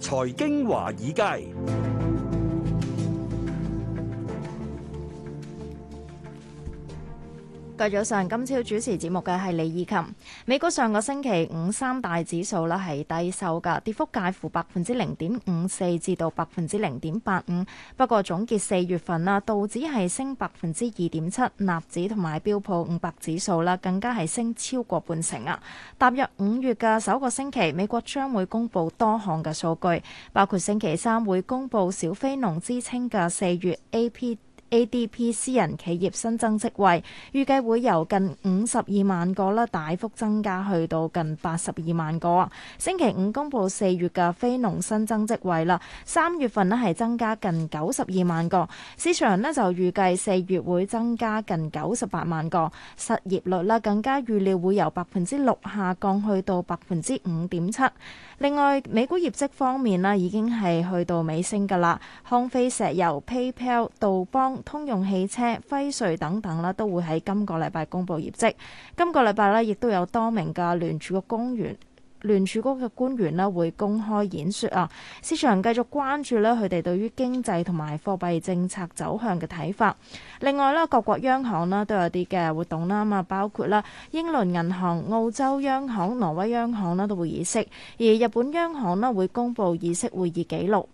財經華爾街。今早上，今朝主持節目嘅係李以琴。美國上個星期五三大指數啦係低收嘅，跌幅介乎百分之零點五四至到百分之零點八五。不過總結四月份啊，道指係升百分之二點七，納指同埋標普五百指數啦，更加係升超過半成啊。踏入五月嘅首個星期，美國將會公布多項嘅數據，包括星期三會公布小非農之稱嘅四月 ADP。ADP 私人企業新增職位預計會由近五十二萬個咧大幅增加去到近八十二萬個。星期五公佈四月嘅非農新增職位啦，三月份咧係增加近九十二萬個，市場咧就預計四月會增加近九十八萬個。失業率咧更加預料會由百分之六下降去到百分之五點七。另外，美股業績方面咧已經係去到尾聲㗎啦，康菲石油、PayPal、杜邦……通用汽車、輝瑞等等啦，都會喺今個禮拜公布業績。今個禮拜咧，亦都有多名嘅聯儲局公員、聯儲局嘅官員啦，會公開演說啊。市場繼續關注咧佢哋對於經濟同埋貨幣政策走向嘅睇法。另外啦，各國央行啦都有啲嘅活動啦，咁啊包括啦英倫銀行、澳洲央行、挪威央行啦都會議息，而日本央行咧會公布議息會議記錄。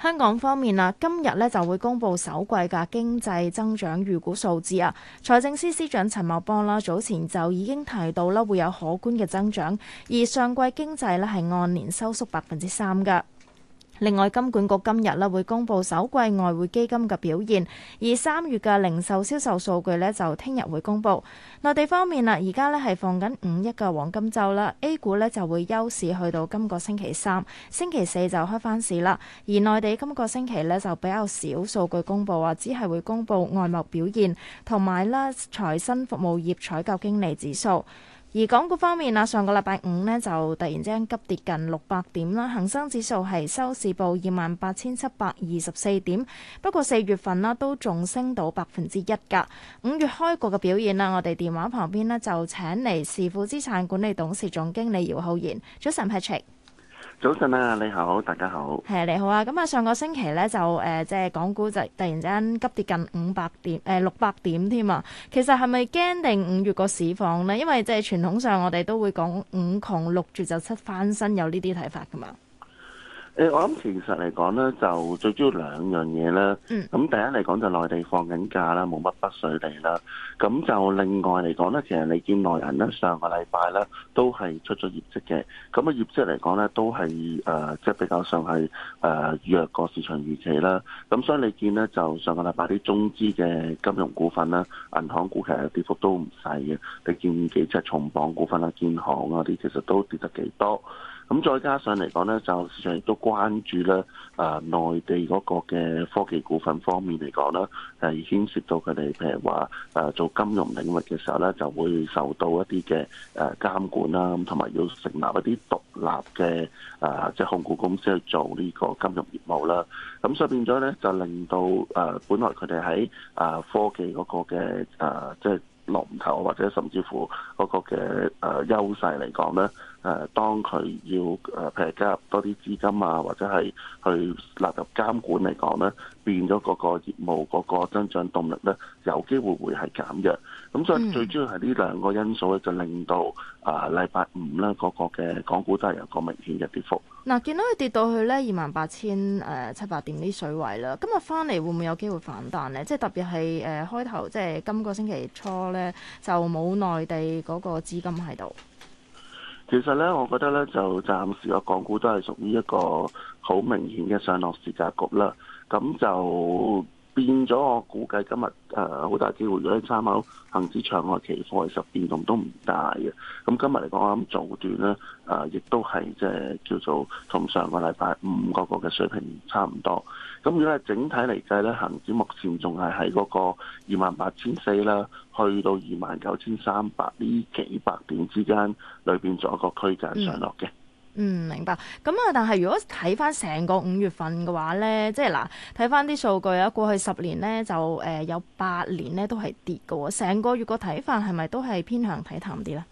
香港方面啊，今日咧就會公布首季嘅經濟增長預估數字啊。財政司司長陳茂波啦，早前就已經提到啦，會有可觀嘅增長，而上季經濟咧係按年收縮百分之三嘅。另外，金管局今日咧會公布首季外匯基金嘅表現，而三月嘅零售銷售數據咧就聽日會公布。內地方面啦，而家咧係放緊五一嘅黃金周啦，A 股咧就會休市去到今個星期三，星期四就開翻市啦。而內地今個星期咧就比較少數據公布啊，只係會公布外貿表現同埋啦，財新服務業採購經理指數。而港股方面啊，上個禮拜五咧就突然之間急跌近六百點啦，恆生指數係收市報二萬八千七百二十四點。不過四月份啦都仲升到百分之一㗎。五月開局嘅表現啦，我哋電話旁邊咧就請嚟時富資產管理董事總經理姚浩然。早晨，Patrick。早晨啊，你好，大家好係、啊、你好啊。咁、嗯、啊，上個星期咧就誒、呃，即係港股就突然之間急跌近五百點誒六百點添啊。其實係咪驚定五月個市況咧？因為即係傳統上我哋都會講五窮六絕就七翻身，有呢啲睇法噶嘛。誒，我諗其實嚟講咧，就最主要兩樣嘢啦。嗯。咁第一嚟講就內地放緊假啦，冇乜北水嚟啦。咁就另外嚟講咧，其實你見內銀咧，上個禮拜咧都係出咗業績嘅。咁嘅業績嚟講咧，都係誒，即、呃、係、就是、比較上係誒、呃、弱過市場預期啦。咁所以你見咧，就上個禮拜啲中資嘅金融股份啦、銀行股其實跌幅都唔細嘅。你見幾隻重磅股份啊，建行嗰啲其實都跌得幾多。咁再加上嚟講咧，就成日都關注咧，啊，內地嗰個嘅科技股份方面嚟講啦，已牽涉到佢哋，譬如話，啊，做金融領域嘅時候咧，就會受到一啲嘅誒監管啦，咁同埋要成立一啲獨立嘅啊，即係控股公司去做呢個金融業務啦。咁所以變咗咧，就令到啊，本來佢哋喺啊科技嗰個嘅啊即係，就是龍頭或者甚至乎嗰個嘅誒優勢嚟講咧，誒當佢要誒譬如加入多啲資金啊，或者係去納入監管嚟講咧，變咗嗰個業務嗰個增長動力咧，有機會會係減弱。咁所以最主要係呢兩個因素咧，就令到啊禮拜五咧，個個嘅港股都係有個明顯嘅跌幅。嗱、嗯，見到佢跌到去呢二萬八千誒七百點啲水位啦，今日翻嚟，會唔會有機會反彈咧？即係特別係誒開頭，即係今個星期初咧，就冇內地嗰個資金喺度。其實咧，我覺得咧，就暫時個港股都係屬於一個好明顯嘅上落市格局啦。咁就。變咗，我估計今日誒好大機會，如果三口恒指、場外期貨其實變動都唔大嘅。咁今日嚟講，我諗做段咧誒，亦、呃、都係即係叫做同上個禮拜五個個嘅水平差唔多。咁如果係整體嚟計咧，恒指目前仲係喺嗰個二萬八千四啦，去到二萬九千三百呢幾百點之間裏邊做一個區間上落嘅。嗯嗯，明白。咁啊，但係如果睇翻成個五月份嘅話咧，即係嗱，睇翻啲數據啊，過去十年咧就誒、呃、有八年咧都係跌㗎喎。成個月個睇法係咪都係偏向睇淡啲咧？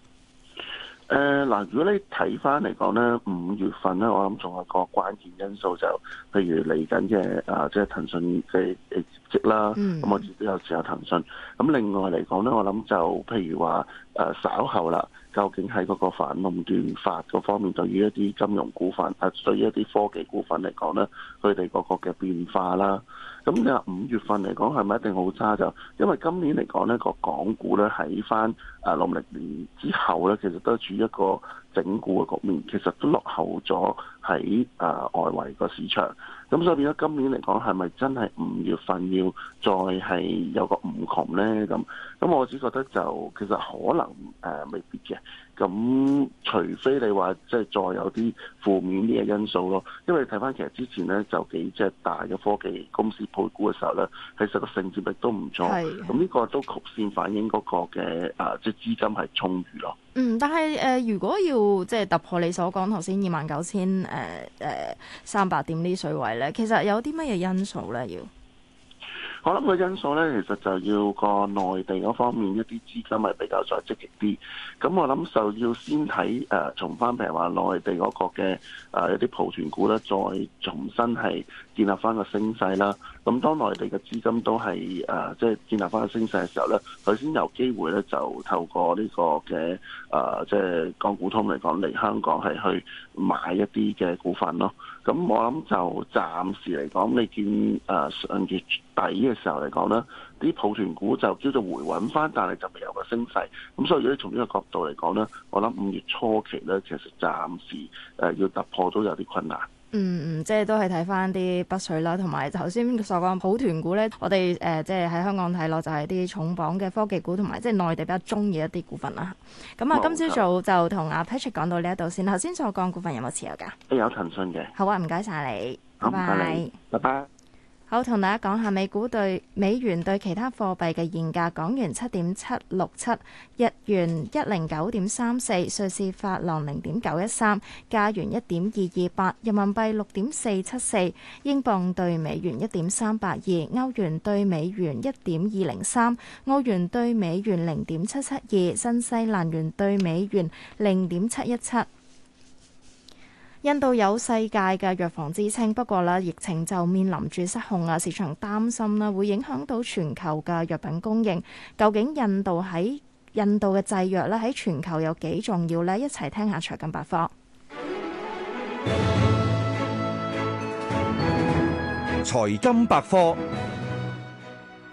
誒，嗱、呃，如果你睇翻嚟講咧，五月份咧，我諗仲有個關鍵因素就是，譬如嚟緊嘅啊，即係騰訊嘅業績啦，咁、嗯、我自己有持有騰訊。咁另外嚟講咧，我諗就譬如話誒、呃、稍後啦，究竟喺嗰個反壟斷法嗰方面，對於一啲金融股份啊、呃，對於一啲科技股份嚟講咧，佢哋嗰個嘅變化啦。咁你話五月份嚟講係咪一定好差？就因為今年嚟講呢個港股呢喺返誒農曆年之後呢，其實都處於一個整固嘅局面，其實都落後咗喺誒外圍個市場。咁所以變咗今年嚟講，係咪真係五月份要再係有個五窮咧？咁咁我只覺得就其實可能誒、呃、未必嘅。咁除非你話即係再有啲負面啲嘅因素咯。因為你睇返其實之前咧就幾隻大嘅科技公司配股嘅時候咧，其實個承接力都唔錯。咁呢的個都曲線反映嗰個嘅誒，即、啊、係、就是、資金係充裕咯。嗯，但係誒、呃，如果要即係突破你所講頭先二萬九千誒、誒三百點啲水位呢，其實有啲乜嘢因素呢要？我諗個因素咧，其實就要個內地嗰方面一啲資金係比較再積極啲。咁我諗就要先睇誒，從、呃、翻譬如話內地嗰個嘅誒一啲抱團股咧，再重新係建立翻個升勢啦。咁當內地嘅資金都係誒，即、呃、係、就是、建立翻個升勢嘅時候咧，佢先有機會咧就透過呢個嘅誒，即、呃、係、就是、港股通嚟講嚟香港係去買一啲嘅股份咯。咁我諗就暫時嚟講，你見誒、呃、上月底嘅時候嚟講，呢啲抱團股就叫做回穩返，但係就未有個升勢。咁所以如果從呢個角度嚟講呢，我諗五月初期呢，其實暫時誒要突破都有啲困難。嗯嗯，即係都係睇返啲北水啦，同埋頭先所講抱團股呢，我哋誒即係喺香港睇落就係啲重磅嘅科技股同埋即係內地比較中意一啲股份啦。咁啊，今朝早就同阿 Patrick 講到呢一度先。頭先所講股份有冇持有㗎？有騰訊嘅。好啊，唔該晒你。拜拜。拜拜。好，同大家講下美股對美元對其他貨幣嘅現價：港元七點七六七，日元一零九點三四，瑞士法郎零點九一三，加元一點二二八，人民幣六點四七四，英鎊對美元一點三八二，歐元對美元一點二零三，澳元對美元零點七七二，新西蘭元對美元零點七一七。印度有世界嘅藥房之稱，不過咧疫情就面臨住失控啊！市場擔心咧會影響到全球嘅藥品供應。究竟印度喺印度嘅製藥咧喺全球有幾重要呢？一齊聽一下財金百科。財金百科。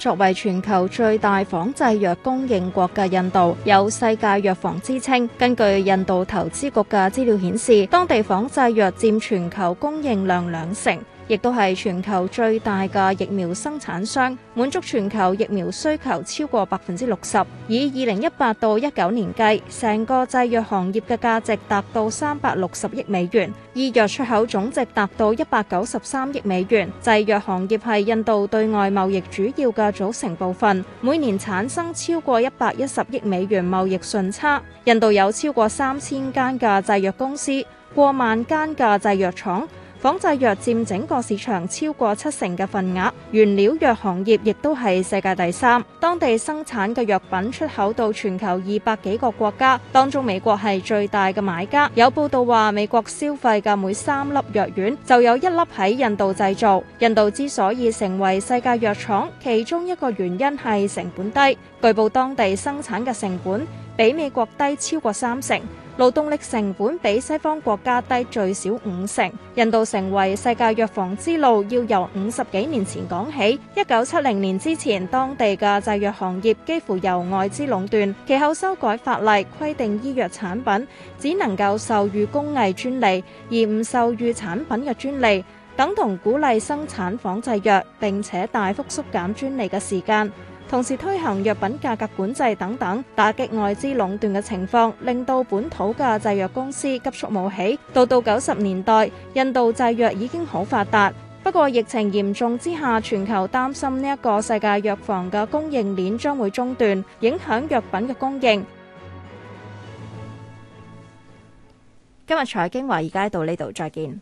作為全球最大仿製藥供應國嘅印度，有世界藥房之稱。根據印度投資局嘅資料顯示，當地仿製藥占全球供應量兩成。亦都係全球最大嘅疫苗生產商，滿足全球疫苗需求超過百分之六十。以二零一八到一九年計，成個製藥行業嘅價值達到三百六十億美元，醫藥出口總值達到一百九十三億美元。製藥行業係印度對外貿易主要嘅組成部分，每年產生超過一百一十億美元貿易順差。印度有超過三千間嘅製藥公司，過萬間嘅製藥廠。仿製藥佔整個市場超過七成嘅份額，原料藥行業亦都係世界第三。當地生產嘅藥品出口到全球二百幾個國家，當中美國係最大嘅買家。有報道話，美國消費嘅每三粒藥丸就有一粒喺印度製造。印度之所以成為世界藥廠，其中一個原因係成本低。據報當地生產嘅成本比美國低超過三成。勞動力成本比西方國家低最少五成。印度成為世界藥房之路要由五十幾年前講起。一九七零年之前當地嘅製藥行業幾乎由外資壟斷，其後修改法例，規定醫藥產品只能夠授予工藝專利，而唔授予產品嘅專利，等同鼓勵生產仿製藥，並且大幅縮減專利嘅時間。同時推行藥品價格管制等等，打擊外資壟斷嘅情況，令到本土嘅製藥公司急速冒起。到到九十年代，印度製藥已經好發達。不過疫情嚴重之下，全球擔心呢一個世界藥房嘅供應鏈將會中斷，影響藥品嘅供應。今日財經華爾街到呢度，再見。